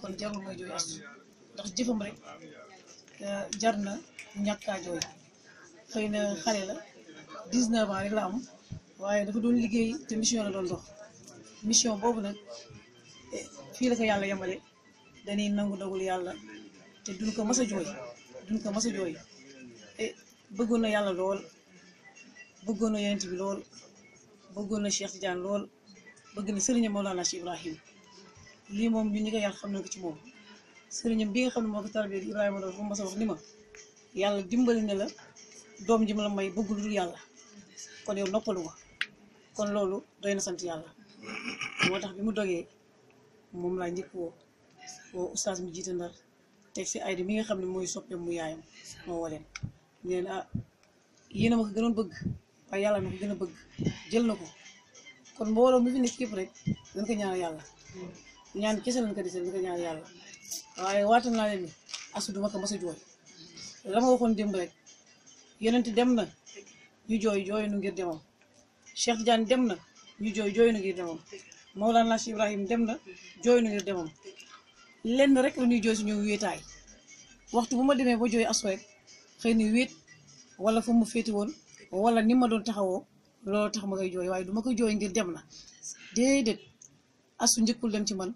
kon jarul nga jooy astu jëfam rek euh, jar na ñàkkaa jooy xëy na xale la 19 ans rek la am waaye dafa doon liggéey te mission la doon mission boobu nag eh, fii la ko yàlla yemale dañuy nangu dagul yàlla te duñ ko mas a jooy duñ ko mas jooy e bëggoon na yàlla lool bëggoon na yonent bi lool bëggoon na Cheikh Tidiane lool bëgg na sëriñ Mawlana Cheikh Ibrahim lii moom ñun ñi ko xam nañ ko ci moom sëriñam bi nga xam ne moo ko tarbiyee Ibrahima dafa mos a wax ni ma yàlla dimbali na la doom ji ma la may bëgg lu dul yàlla kon yow noppalu kon loolu doy na sant yàlla moo tax bi mu dogee moom laa njëkk woo woo oustaz mi jiite ndar teg si aydi mi nga xam ne mooy soppeem mu yaayam moo woo leen ñu leen ah yéen a bëgg waaye yàlla na ko gën a bëgg jël na ko kon mbooloo mi fi nekk yëpp rek dañ ko ñaanal yàlla ñaan kese lañ ko dese lañ ñaan yàlla waaye waatal naa leen ni asu duma ko mas a jooy la ma waxoon démb rek yonent dem na ñu jooy jooy nu ngir demam Cheikh Tidiane dem na ñu jooy jooy nu ngir demam Mawlana Cheikh Ibrahim dem na jooy nu ngir demam lenn rek la ñuy jooy suñu waxtu bu ma demee ba jooy asu rek xëy na wéet wala fu mu féete woon wala ni ma doon taxawoo loolu tax ma koy jooy waaye du ma koy jooy ngir dem na déedéet asu njëkkul dem ci man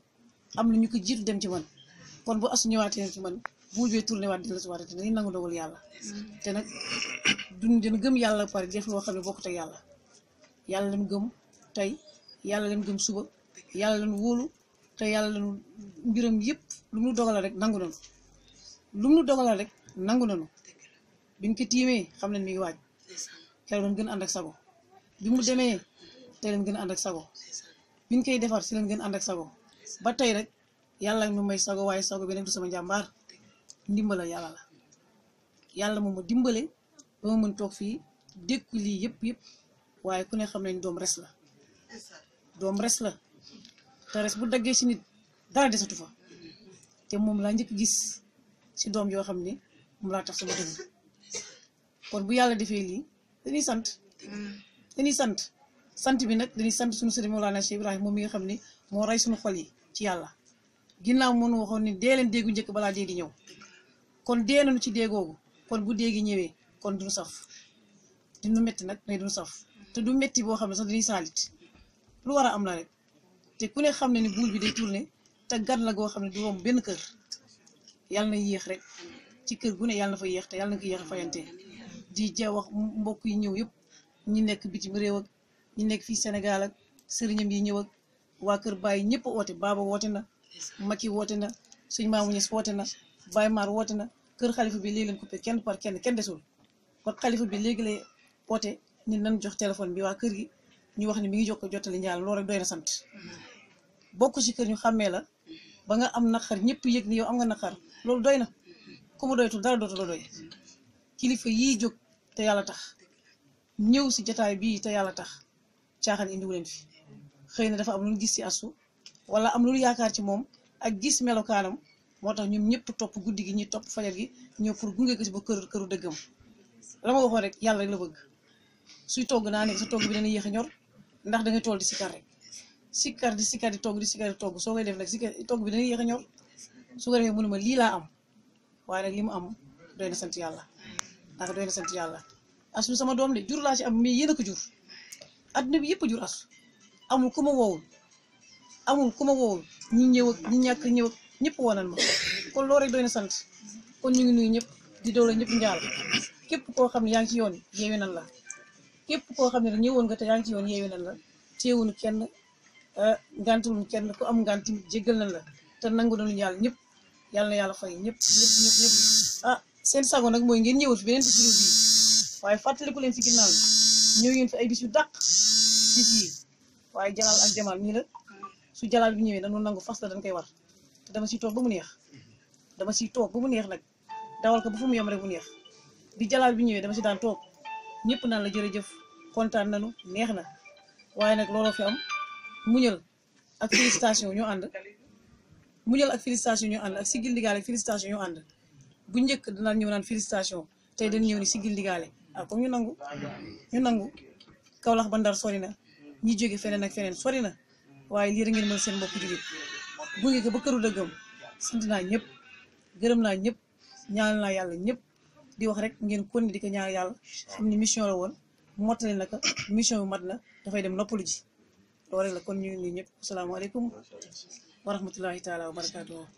am na ñu ko jiitu dem ci man kon bu asu ñëwaatee ci man bu wujjee tourné waat dina si waat dinañ nangu dogal yàlla te nag duñ dina gëm yàlla pare def loo ne bokkut ak yàlla yàlla leen gëm tey yàlla leen gëm suba yàlla leen wóolu te yàlla leen mbiram yëpp lu mu dogal rek nangu nañu lu mu dogal rek nangu nañu biñ ko tiimee xam nañ mi ngi waaj keroog doon gën ànd ak sago bi mu demee te leen gën ànd ak sago biñ koy defar si leen gën ànd ak sago ba tey rek yàlla nu may sago waaye sago bi nag du sama njàmbaar ndimbala yàlla la yàlla moom ma dimbale ba mu mën toog fii dékku lii yëpp yëpp waaye ku ne xam nañ doom res la doom res la te res bu daggee si nit dara desatu fa te moom laa njëkk gis si doom yoo xam ne moom laa tax sama dëgg kon bu yàlla defee lii dañuy sant mm. dañuy sant sant bi nag dañuy sant suñu sëriñ Mawlana Cheikh Ibrahima moom mi nga xam ne moo rey suñu xol yi ci yàlla ginnaaw mënu waxoon ni dee leen déegu njëkk balaa dee di ñëw kon dee nañu ci dee kon bu dee ñëwee kon du saf dinu metti nag mais du saf te du metti boo xam ne sax dañuy saalit lu war a am la rek te ku ne xam ne ni buul bi day tourné te gan la goo xam ne du romb benn kër yàlla na yéex rek ci kër gu ne yàlla na fa yéex te yàlla na ko yéex a fayante di ja wax mbokk yi ñëw yëpp ñi nekk bitim réew ak ñu nekk fii Sénégal ak sëriñam yi ñëw ak waa Kër Baye ñëpp woote Baba woote na Macky woote na suñu maamu ñes woote na Baye Mar woote na kër xalifa bi léegi lañ coupé kenn kenn kenn desul kon xalifa bi léegi lay woote ni nan jox téléphone bi waa kër gi ñu wax ni mi ngi jox ko jottali ñaar loolu rek doy na sant bokk ci kër ñu xàmmee la ba nga am naqar ñëpp yëg ni yow am nga naqar loolu doy na ku mu doytul dara dootu la doy kilifa yii jóg te yàlla tax ñëw si jataay bi te yàlla tax caaxaan indiwu fi xëy na dafa am lu ñu gis ci asu wala am lu yaakaar ci moom ak gis melokaanam moo tax ñoom ñëpp topp guddi gi ñi topp fajar gi ñëw pour gunge ko ci ba kër këru dëggam la ma waxoon rek yàlla rek la bëgg suy togg naa ne sa togg bi dana yéex a ñor ndax da ngay tool di sikkar rek sikkar di sikkar di togg di def nag sikkar togg bi dana yéex a ñor su ko defee mënuma lii laa am waaye nag li mu am doy na sant yàlla ndax doy na sant yàlla asu sama doom de jur laa am mais yéen jur adduna bi yëpp a amul ku ma wowul amul ku ma wowul ñi ñëw ñi ñàkk ñëw ak ñëpp wonan ma kon loolu rek sant kon ñu ngi nuyu ñëpp di doole ñëpp njaal képp koo xam ne yaa ngi ci yoon yeewi nan la képp koo xam ne rek ñëwoon nga te yaa ci yoon yeewi nan la teewuñu kenn eh, ngantuluñ kenn ku am nganti jéggal nan la te nangu nañu yàlla ñëpp yàlla na yàlla fay ñëpp ñëpp ñëpp ñëpp ah seen sago nag mooy ngeen ñëwul fi beneen bi waaye fàttaliku leen ci ginnaaw ñëw ngeen fi ay bis yu dàq ci biir waaye jalal ak jamal nii la su jalal bi ñëwee dañu nangu fas la dañ koy war dama siy toog ba mu neex dama siy toog ba mu neex nag dawal ko bu fu mu yem rek mu neex di jalal bi ñëwee dama si daan toog ñëpp naan la jëf kontaan nañu neex na waaye nag looloo fi am muñal ak félicitation ñoo ànd muñal ak félicitation ñoo ànd ak sigil ndigaale ak félicitation ànd bu njëkk danaan ñëw naan félicitation te dañ ñëw ni sigil ndigaale ah comme ñu nangu ñu ba Ndar sori na ñi jóge feneen ak feneen sori na waaye lii ngeen mën seen mbokk jullit gunge ko ba këru dëggam sant naa ñëpp gërëm naa ñëpp ñaan naa yàlla ñëpp di wax rek ngeen kon di ko ñaan yàlla mission la woon mottali na ko mission bi mat na dafay dem noppalu ji loolu rek la kon ñu ngi nii ñëpp asalaamaaleykum wa rahmatullahi taala wa